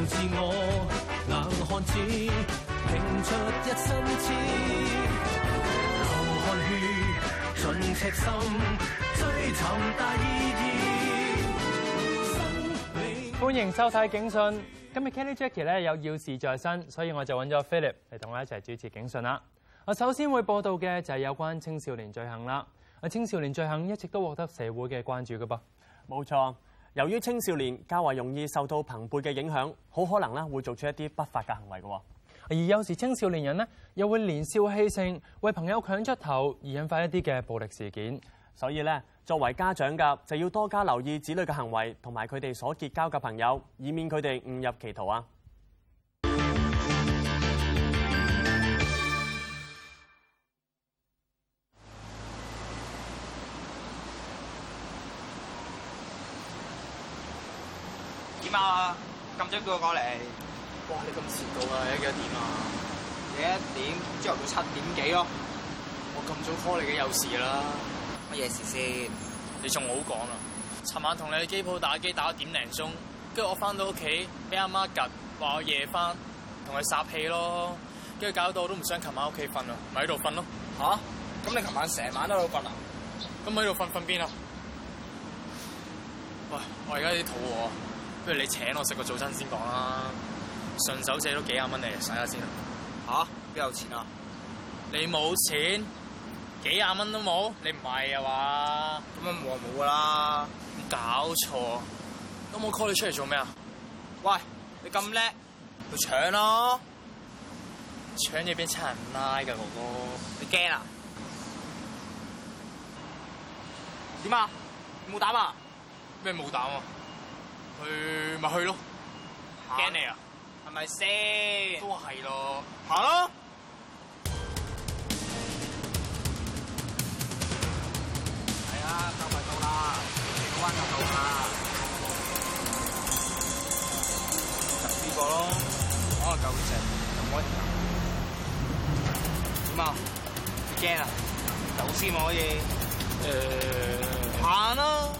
拼出一身流汗血，赤心，追尋大意。歡迎收睇警訊。今日 Kenny Jackie 咧有要事在身，所以我就揾咗 Philip 嚟同我一齊主持警訊啦。我首先會報道嘅就係有關青少年罪行啦。啊，青少年罪行一直都獲得社會嘅關注噶噃，冇錯。由於青少年較為容易受到朋輩嘅影響，好可能咧會做出一啲不法嘅行為嘅。而有時青少年人呢，又會年少氣盛，為朋友強出頭而引發一啲嘅暴力事件。所以咧，作為家長㗎就要多加留意子女嘅行為同埋佢哋所結交嘅朋友，以免佢哋誤入歧途啊！一個過嚟，哇！你咁遲到啊，而家幾多點啊？而家點？朝頭早七點幾咯。我咁早 call 你嘅有事啦。乜嘢事先？你仲唔好講啦、啊！尋晚同你喺機鋪打機打咗點零鐘，跟住我翻到屋企俾阿媽緊，話我夜翻同佢殺氣咯，跟住搞到我都唔想琴晚屋企瞓啦，咪喺度瞓咯。吓、啊？咁你琴晚成晚都喺度瞓啊？咁喺度瞓瞓邊啊？喂，我而家啲肚餓。不如你請我食個早餐先講啦，順手借多幾廿蚊嚟使下先吓？嚇？邊有錢啊？你冇錢，幾廿蚊都冇，你唔係啊嘛？咁樣冇就冇啦。搞錯？咁我 call 你出嚟做咩啊？喂，你咁叻，去搶咯、啊！搶嘢俾差人拉㗎，哥哥？你驚啊？點啊？冇膽啊？咩冇膽啊？去咪去咯，驚你啊？係咪先？都係咯，行咯。係啊，就快到啦，幾個彎就到啦。呢個咯，講下舊城，咁樣點啊？驚啊！走先可以，誒，行咯。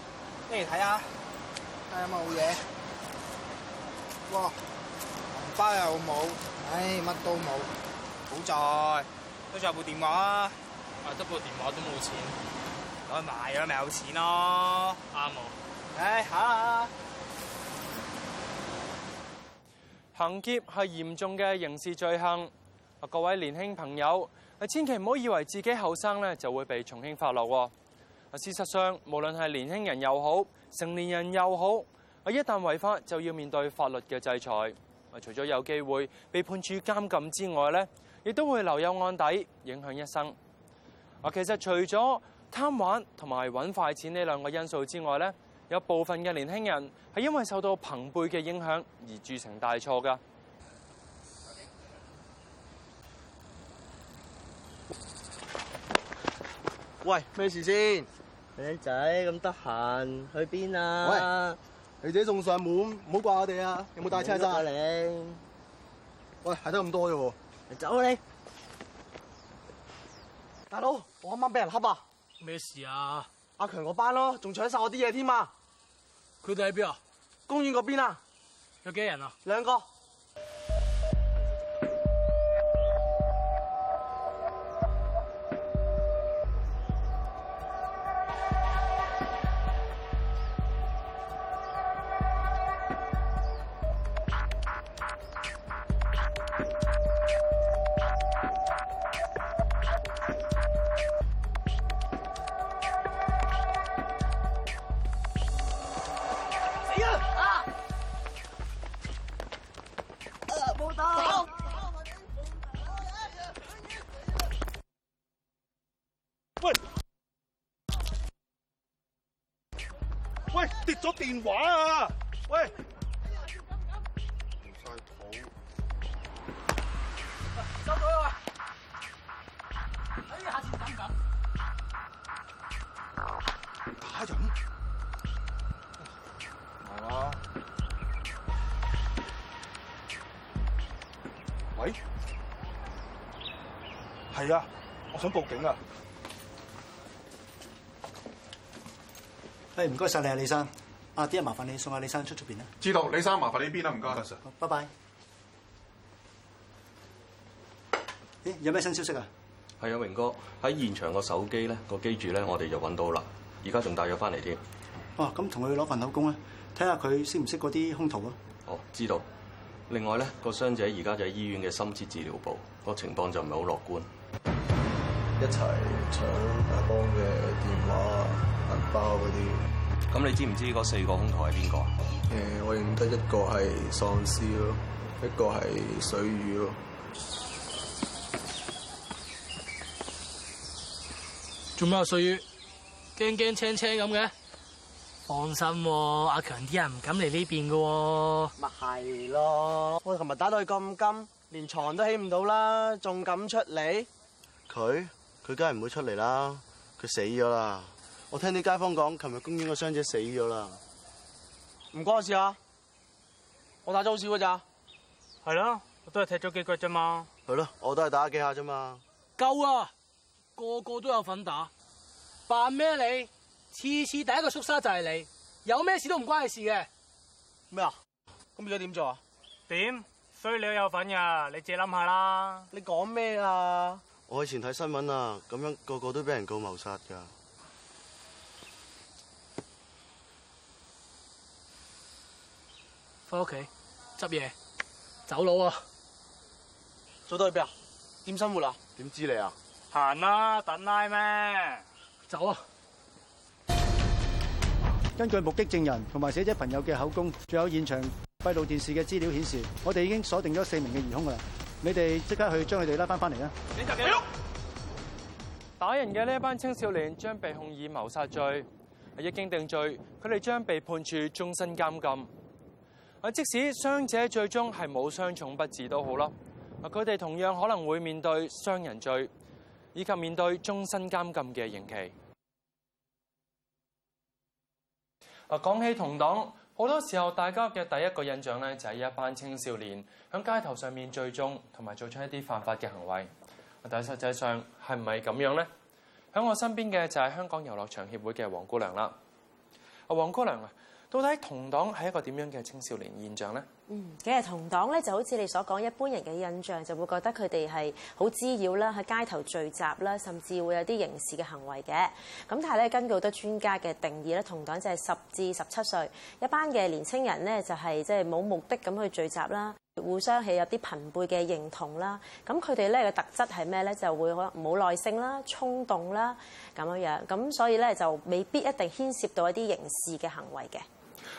咩睇下，睇有冇嘢？哇！紅包又冇，唉、哎，乜都冇，好在都仲有部電話啊！得部電話都冇錢，攞去賣咗咪有錢咯？啱冇？誒、哎，吓！行劫係嚴重嘅刑事罪行。各位年輕朋友，千祈唔好以為自己後生咧，就會被從輕發落。事實上，無論係年輕人又好，成年人又好，啊一旦違法就要面對法律嘅制裁。啊除咗有機會被判處監禁之外咧，亦都會留有案底，影響一生。啊其實除咗貪玩同埋揾快錢呢兩個因素之外咧，有部分嘅年輕人係因為受到朋輩嘅影響而鑄成大錯㗎。喂，咩事先？靚仔，咁得閒去邊啊？喂，女仔送上門，唔好掛我哋啊！有冇帶車咋啊？喂，係得咁多嘅喎？你走啊你！大佬，我啱啱俾人恰啊！咩事啊？阿強嗰班咯，仲搶晒我啲嘢添啊！佢哋喺邊啊？公園嗰邊啊？有幾人啊？兩個。電話啊！喂，唔晒譜，收佢啊！哎，下次敢唔敢？打人係嘛？喂，係啊，我想報警啊！哎，唔該晒你啊，李生。啊！啲人麻煩你送下李生出出邊啦。知道，李生麻煩你邊啦，唔該。阿 Sir，拜拜。咦、哎，有咩新消息啊？係啊，榮哥，喺現場個手機咧，個機主咧，我哋就揾到啦。而家仲帶咗翻嚟添。哦，咁同佢攞份口供啦，睇下佢識唔識嗰啲凶徒啊？哦，知道。另外咧，個傷者而家就喺醫院嘅深切治療部，個情況就唔係好樂觀。一齊搶阿邦嘅電話、銀包嗰啲。咁你知唔知嗰四個空枱係邊個？誒、呃，我認得一個係喪屍咯，一個係水魚咯。做咩啊，水魚？驚驚青青咁嘅？放心喎，阿、啊、強啲人唔敢嚟呢邊嘅喎。咪係咯，我哋琴日打到佢咁金，連床都起唔到啦，仲敢出嚟？佢佢梗係唔會出嚟啦，佢死咗啦。我聽啲街坊講，琴日公園個傷者死咗啦。唔關事啊！我打咗好少噶咋，係咯，我都係踢咗幾腳咋嘛。係咯，我都係打幾下咋嘛。夠啊！個個都有份打，扮咩你？次次第一個宿沙就係你，有咩事都唔關你事嘅咩啊？咁你而家點做啊？點衰你都有份噶啊，你自己諗下啦。你講咩啊？我以前睇新聞啊，咁樣個個都俾人告謀殺噶。翻屋企執嘢走佬啊！做到去邊啊？點生活啊？點知你啊？行啦、啊，等拉咩？走啊！根據目擊證人同埋死者朋友嘅口供，仲有現場閉路電視嘅資料顯示，我哋已經鎖定咗四名嘅疑凶㗎啦。你哋即刻去將佢哋拉翻翻嚟啦！警察，打人嘅呢一班青少年將被控以謀殺罪。係一經定罪，佢哋將被判處終身監禁。即使傷者最終係冇傷重不治都好咯，佢哋同樣可能會面對傷人罪，以及面對終身監禁嘅刑期。啊，講起同黨，好多時候大家嘅第一個印象咧就係一班青少年喺街頭上面聚眾，同埋做出一啲犯法嘅行為。但係實際上係唔係咁樣咧？喺我身邊嘅就係香港遊樂場協會嘅黃姑娘啦。啊，黃姑娘。到底同黨係一個點樣嘅青少年現象呢？嗯，其實同黨咧就好似你所講，一般人嘅印象就會覺得佢哋係好滋擾啦，喺街頭聚集啦，甚至會有啲刑事嘅行為嘅。咁但係咧，根據好多專家嘅定義咧，同黨就係十至十七歲一班嘅年輕人咧，就係即係冇目的咁去聚集啦，互相起有啲朋輩嘅認同啦。咁佢哋咧嘅特質係咩咧？就會可能冇耐性啦、衝動啦咁樣樣。咁所以咧就未必一定牽涉到一啲刑事嘅行為嘅。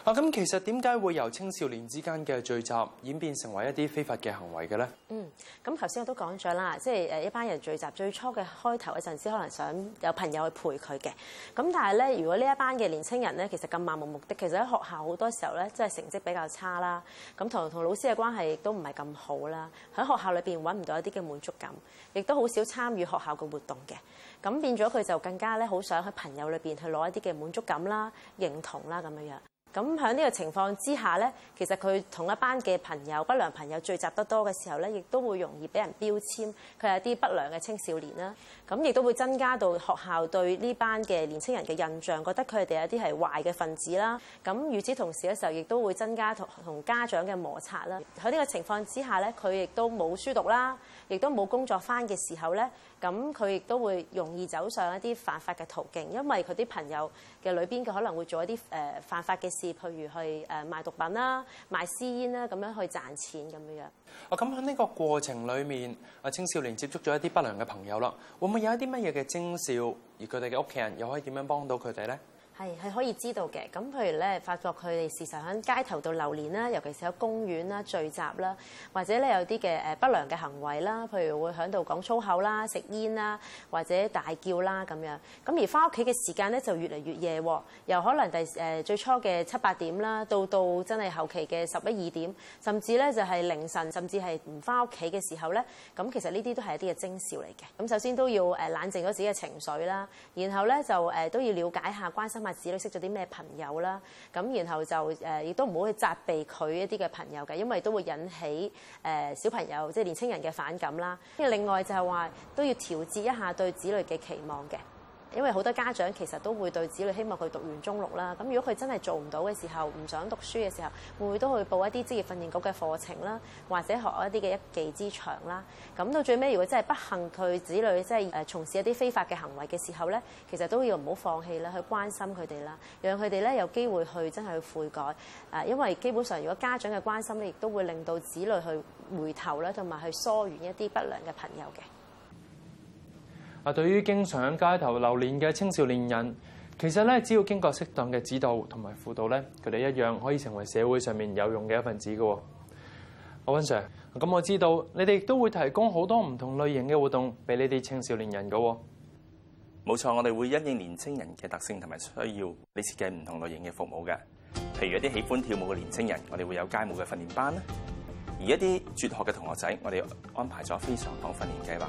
啊！咁其實點解會由青少年之間嘅聚集演變成為一啲非法嘅行為嘅咧？嗯，咁頭先我都講咗啦，即係誒一班人聚集最初嘅開頭嗰陣時，可能想有朋友去陪佢嘅。咁但係咧，如果呢一班嘅年青人咧，其實咁漫無目的，其實喺學校好多時候咧，即係成績比較差啦，咁同同老師嘅關係亦都唔係咁好啦，喺學校裏邊揾唔到一啲嘅滿足感，亦都好少參與學校嘅活動嘅。咁變咗佢就更加咧，好想喺朋友裏邊去攞一啲嘅滿足感啦、認同啦咁樣樣。咁喺呢個情況之下呢，其實佢同一班嘅朋友、不良朋友聚集得多嘅時候呢，亦都會容易俾人標籤佢係啲不良嘅青少年啦。咁亦都會增加到學校對呢班嘅年青人嘅印象，覺得佢哋係一啲係壞嘅分子啦。咁與此同時嘅時候，亦都會增加同同家長嘅摩擦啦。喺呢個情況之下呢，佢亦都冇書讀啦。亦都冇工作返嘅時候咧，咁佢亦都會容易走上一啲犯法嘅途徑，因為佢啲朋友嘅裏邊，佢可能會做一啲誒犯法嘅事，譬如去誒賣毒品啦、賣私煙啦，咁樣去賺錢咁樣樣。啊，咁喺呢個過程裏面，啊青少年接觸咗一啲不良嘅朋友啦，會唔會有一啲乜嘢嘅徵兆，而佢哋嘅屋企人又可以點樣幫到佢哋咧？係係可以知道嘅，咁譬如咧，發覺佢哋事實喺街頭度流連啦，尤其是喺公園啦聚集啦，或者咧，有啲嘅誒不良嘅行為啦，譬如會響度講粗口啦、食煙啦，或者大叫啦咁樣，咁而返屋企嘅時間咧就越嚟越夜喎，由可能第誒最初嘅七八點啦，到到真係後期嘅十一二點，甚至咧就係凌晨，甚至係唔返屋企嘅時候咧，咁其實呢啲都係一啲嘅徵兆嚟嘅。咁首先都要誒冷靜咗自己嘅情緒啦，然後咧就誒都要了解下、關心。咁啊，子女識咗啲咩朋友啦？咁然後就誒，亦都唔好去責備佢一啲嘅朋友嘅，因為都會引起誒小朋友即係、就是、年青人嘅反感啦。另外就係話，都要調節一下對子女嘅期望嘅。因為好多家長其實都會對子女希望佢讀完中六啦，咁如果佢真係做唔到嘅時候，唔想讀書嘅時候，會唔會都去報一啲職業訓練局嘅課程啦，或者學一啲嘅一技之長啦？咁到最尾，如果真係不幸佢子女即係誒從事一啲非法嘅行為嘅時候咧，其實都要唔好放棄啦，去關心佢哋啦，讓佢哋咧有機會去真係去悔改。誒、呃，因為基本上如果家長嘅關心咧，亦都會令到子女去回頭啦，同埋去疏遠一啲不良嘅朋友嘅。嗱，對於經常喺街頭流連嘅青少年人，其實咧只要經過適當嘅指導同埋輔導咧，佢哋一樣可以成為社會上面有用嘅一份子嘅。阿温 sir，咁我知道你哋亦都會提供好多唔同類型嘅活動俾呢啲青少年人嘅。冇錯，我哋會因應年青人嘅特性同埋需要，嚟設計唔同類型嘅服務嘅。譬如一啲喜歡跳舞嘅年青人，我哋會有街舞嘅訓練班啦。而一啲輟學嘅同學仔，我哋安排咗非常多訓練計劃，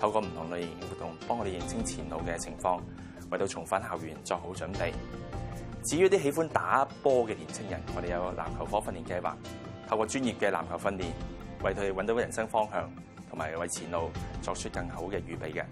透過唔同類型嘅活動，幫我哋認清前路嘅情況，為到重返校園作好準備。至於啲喜歡打波嘅年青人，我哋有籃球科訓練計劃，透過專業嘅籃球訓練，為佢哋揾到人生方向，同埋為前路作出更好嘅預備嘅。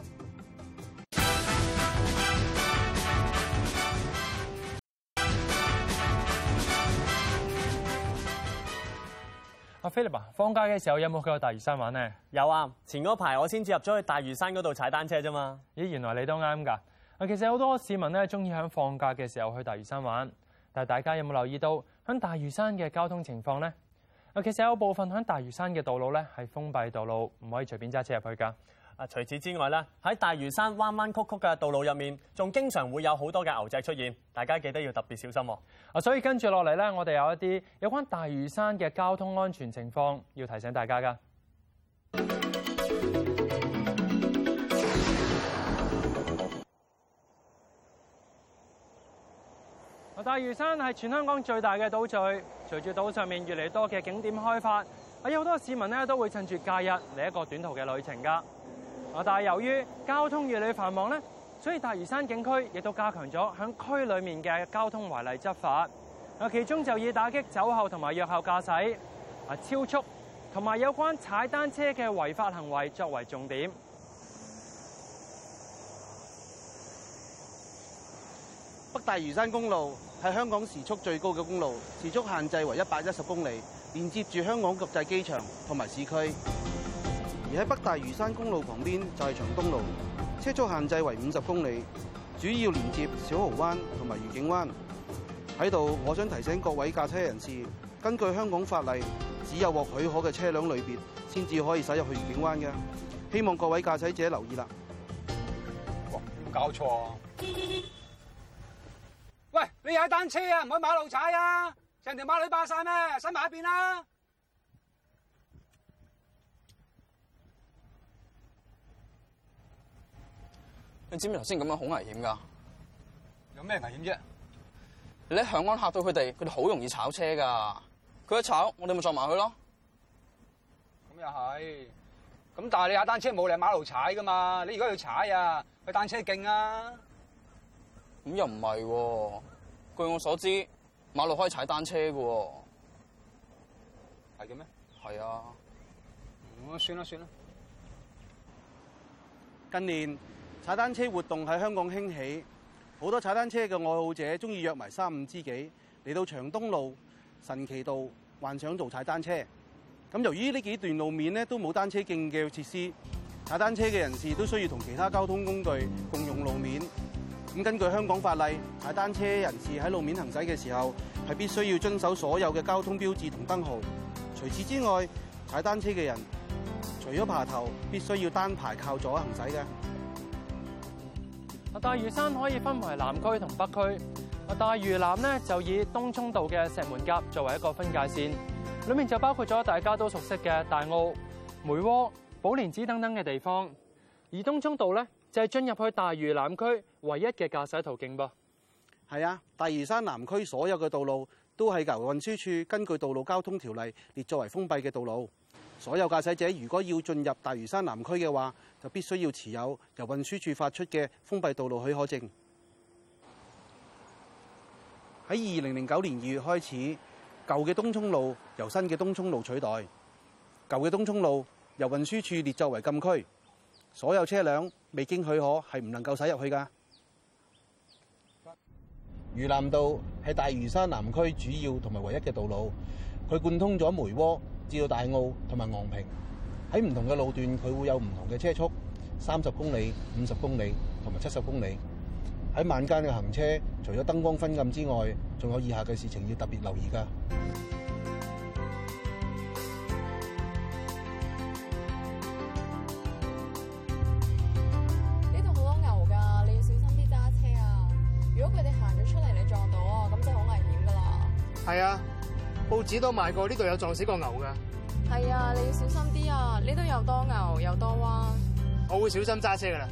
阿菲力吧，放假嘅時候有冇去過大嶼山玩咧？有啊，前嗰排我先至入咗去大嶼山嗰度踩單車啫嘛。咦，原來你都啱噶。啊，其實好多市民咧中意響放假嘅時候去大嶼山玩，但係大家有冇留意到響大嶼山嘅交通情況咧？啊，其實有部分響大嶼山嘅道路咧係封閉道路，唔可以隨便揸車入去噶。除此之外咧，喺大嶼山彎彎曲曲嘅道路入面，仲經常會有好多嘅牛仔出現，大家記得要特別小心。啊！所以跟住落嚟咧，我哋有一啲有關大嶼山嘅交通安全情況要提醒大家㗎。大嶼山係全香港最大嘅島嶼，隨住島上面越嚟越多嘅景點開發，有好多市民咧都會趁住假日嚟一個短途嘅旅程㗎。啊！但係由於交通越嚟越繁忙咧，所以大嶼山警區亦都加強咗響區裏面嘅交通違例執法。其中就以打擊酒後同埋藥後駕駛、啊超速同埋有關踩單車嘅違法行為作為重點。北大嶼山公路係香港時速最高嘅公路，時速限制為一百一十公里，連接住香港國際機場同埋市區。而喺北大嶼山公路旁邊就係長東路，車速限制為五十公里，主要連接小蠔灣同埋愉景灣。喺度，我想提醒各位駕車人士，根據香港法例，只有獲許可嘅車輛類別先至可以駛入去愉景灣嘅。希望各位駕駛者留意啦。哇，搞錯！喂，你踩單車啊，唔可以馬路踩啊，成條馬路霸晒咩？使埋一邊啦。你知唔知頭先咁樣好危險噶有咩危險啫？你喺響安吓到佢哋，佢哋好容易炒車噶佢一炒，我哋咪撞埋佢咯。咁又係，咁但係你踩單車冇，你馬路踩噶嘛？你如果要踩啊，去單車徑啊。咁又唔係，據我所知，馬路可以踩單車噶係嘅咩？係啊。嗯、算啦算啦，今年。踩單車活動喺香港興起，好多踩單車嘅愛好者中意約埋三五知己嚟到長東路、神奇道、幻想道踩單車。咁由於呢幾段路面呢都冇單車徑嘅設施，踩單車嘅人士都需要同其他交通工具共用路面。咁根據香港法例，踩單車人士喺路面行駛嘅時候係必須要遵守所有嘅交通標誌同燈號。除此之外，踩單車嘅人除咗爬頭，必須要單排靠左行駛嘅。大嶼山可以分為南區同北區。大嶼南咧，就以東涌道嘅石門甲作為一個分界線，裏面就包括咗大家都熟悉嘅大澳、梅窩、寶蓮寺等等嘅地方。而東涌道咧，就係進入去大嶼南區唯一嘅駕駛途徑噃。係啊，大嶼山南區所有嘅道路都係由運輸處根據道路交通條例列作為封閉嘅道路。所有駕駛者如果要進入大嶼山南區嘅話，就必須要持有由運輸處發出嘅封閉道路許可證。喺二零零九年二月開始，舊嘅東涌路由新嘅東涌路取代，舊嘅東涌路由運輸處列作為禁區，所有車輛未經許可係唔能夠駛入去㗎。嶼南道係大嶼山南區主要同埋唯一嘅道路，佢貫通咗梅窩。知道大澳同埋昂坪，喺唔同嘅路段佢會有唔同嘅車速，三十公里、五十公里同埋七十公里。喺晚間嘅行車，除咗燈光昏暗之外，仲有以下嘅事情要特別留意噶。呢度好多牛噶，你要小心啲揸車啊！如果佢哋行咗出嚟，你撞到啊，咁就好危險噶啦。係啊。報紙都賣過，呢度有撞死個牛噶。係啊，你要小心啲啊！呢度又多牛又多彎，我會小心揸車噶啦。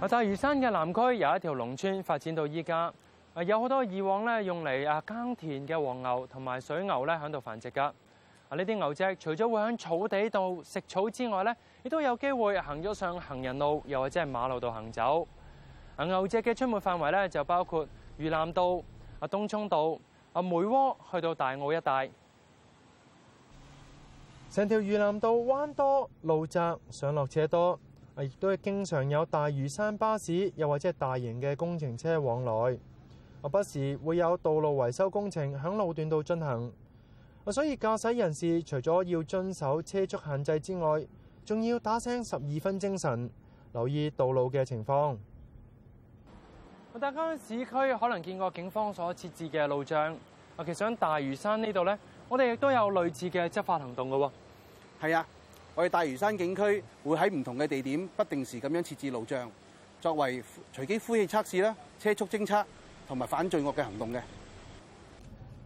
啊，大嶼山嘅南區有一條農村發展到依家，啊，有好多以往咧，用嚟，啊耕田嘅黃牛同埋水牛咧，響度繁殖噶。啊呢啲牛隻除咗會響草地度食草之外咧，亦都有機會行咗上行人路又或者係馬路度行走。牛隻嘅出沒範圍咧，就包括嶼南道、啊東涌道、啊梅窩，去到大澳一帶。成條嶼南道彎多路窄，上落車多，啊亦都係經常有大嶼山巴士，又或者大型嘅工程車往來。不時會有道路維修工程響路段度進行，啊，所以駕駛人士除咗要遵守車速限制之外，仲要打聲十二分精神，留意道路嘅情況。大家喺市區可能見過警方所設置嘅路障，啊，其實喺大嶼山呢度呢，我哋亦都有類似嘅執法行動嘅喎。係啊，我哋大嶼山警區會喺唔同嘅地點不定時咁樣設置路障，作為隨機呼氣測試啦、車速偵測同埋反罪惡嘅行動嘅。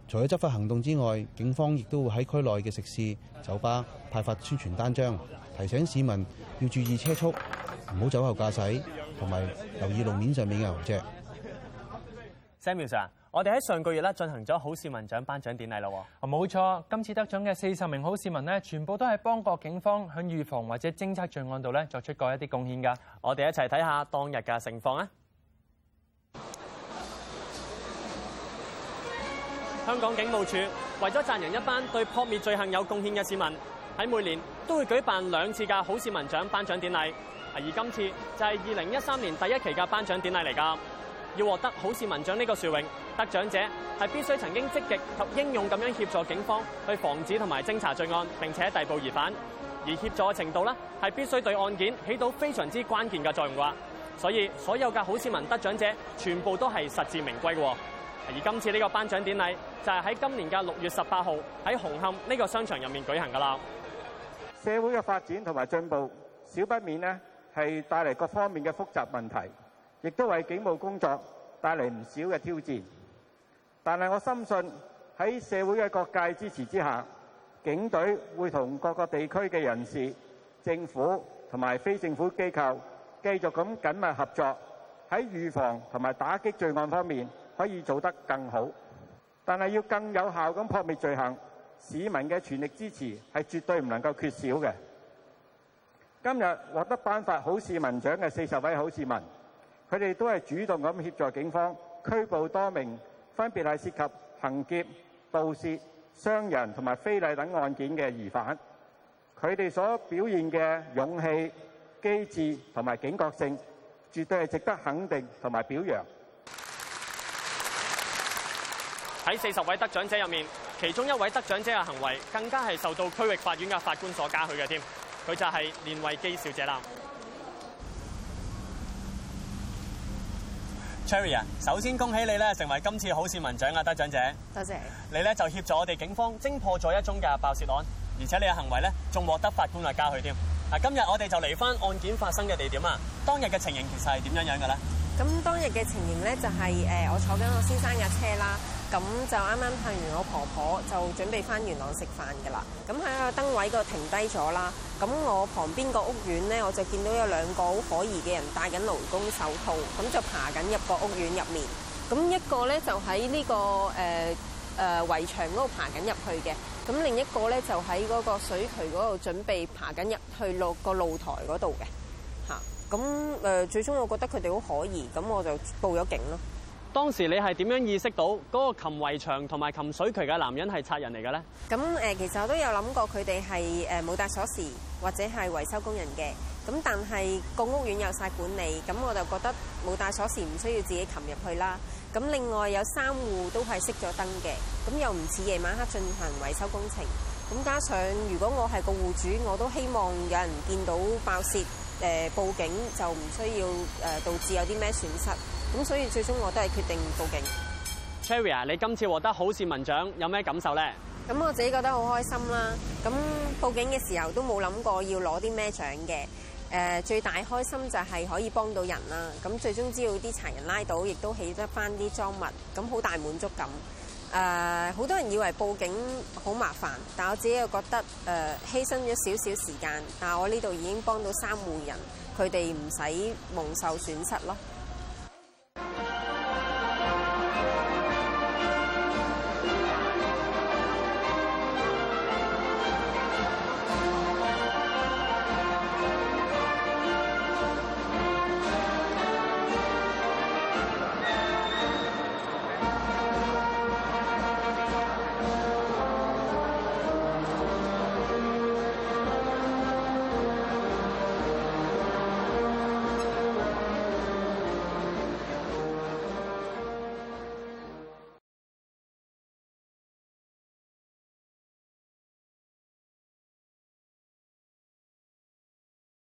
除咗執法行動之外，警方亦都會喺區內嘅食肆、酒吧派發宣傳單張，提醒市民要注意車速，唔好酒後駕駛，同埋留意路面上面嘅牛隻。Samuel Sir，我哋喺上個月咧進行咗好市民獎頒獎典禮啦。啊，冇錯，今次得獎嘅四十名好市民呢，全部都係幫過警方喺預防或者偵測罪案度咧作出過一啲貢獻噶。我哋一齊睇下當日嘅情況啊！香港警務處為咗贊揚一班對撲滅罪行有貢獻嘅市民，喺每年都會舉辦兩次嘅好市民獎頒獎典禮。啊，而今次就係二零一三年第一期嘅頒獎典禮嚟㗎。要獲得好市民獎呢個殊榮，得獎者係必須曾經積極及英勇咁樣協助警方去防止同埋偵查罪案，並且逮捕疑犯。而協助嘅程度呢，係必須對案件起到非常之關鍵嘅作用㗎。所以所有嘅好市民得獎者，全部都係實至名歸嘅。而今次呢個頒獎典禮就係、是、喺今年嘅六月十八號喺紅磡呢個商場入面舉行㗎啦。社會嘅發展同埋進步，少不免呢係帶嚟各方面嘅複雜問題。亦都為警務工作帶來唔少嘅挑戰，但係我深信喺社會嘅各界支持之下，警隊會同各個地區嘅人士、政府同埋非政府機構繼續咁緊密合作，喺預防同埋打擊罪案方面可以做得更好。但係要更有效咁撲滅罪行，市民嘅全力支持係絕對唔能夠缺少嘅。今日獲得頒發好市民獎嘅四十位好市民。佢哋都係主動咁協助警方拘捕多名分別係涉及行劫、盜竊、傷人同埋非禮等案件嘅疑犯。佢哋所表現嘅勇氣、機智同埋警覺性，絕對係值得肯定同埋表揚。喺四十位得獎者入面，其中一位得獎者嘅行為更加係受到區域法院嘅法官所嘉許嘅添。佢就係連惠基小姐啦。Cherry 啊，首先恭喜你咧，成為今次好市民獎嘅得獎者。多謝，謝你咧，就協助我哋警方偵破咗一宗嘅爆竊案，而且你嘅行為咧，仲獲得法官啊嘉許添。啊，今日我哋就嚟返案件發生嘅地點啊，當日嘅情形其實係點樣樣嘅咧？咁當日嘅情形咧，就係誒，我坐緊我先生嘅車啦。咁就啱啱探完我婆婆，就準備翻元朗食飯噶啦。咁喺個燈位度停低咗啦。咁我旁邊個屋苑呢，我就見到有兩個好可疑嘅人戴緊勞工手套，咁就爬緊入個屋苑入面。咁一個呢，就喺呢、這個呃、呃、圍牆嗰度爬緊入去嘅。咁另一個呢，就喺嗰個水渠嗰度準備爬緊入去落、個露台嗰度嘅。嚇！咁、呃、最終我覺得佢哋好可疑，咁我就報咗警咯。當時你係點樣意識到嗰個擒圍牆同埋擒水渠嘅男人係賊人嚟嘅咧？咁誒、呃，其實我都有諗過佢哋係誒冇帶鎖匙或者係維修工人嘅。咁但係個屋苑有晒管理，咁我就覺得冇帶鎖匙唔需要自己擒入去啦。咁另外有三戶都係熄咗燈嘅，咁又唔似夜晚黑進行維修工程。咁加上如果我係個戶主，我都希望有人見到爆竊誒、呃、報警，就唔需要誒、呃、導致有啲咩損失。咁所以最終我都係決定報警。Cherry 啊，你今次獲得好市民獎有咩感受呢？咁我自己覺得好開心啦。咁報警嘅時候都冇諗過要攞啲咩獎嘅。誒、呃，最大開心就係可以幫到人啦。咁最終知道啲賊人拉到，亦都起得返啲贓物，咁好大滿足感。誒、呃，好多人以為報警好麻煩，但我自己又覺得誒、呃、犧牲咗少少時間，但我呢度已經幫到三戶人，佢哋唔使蒙受損失咯。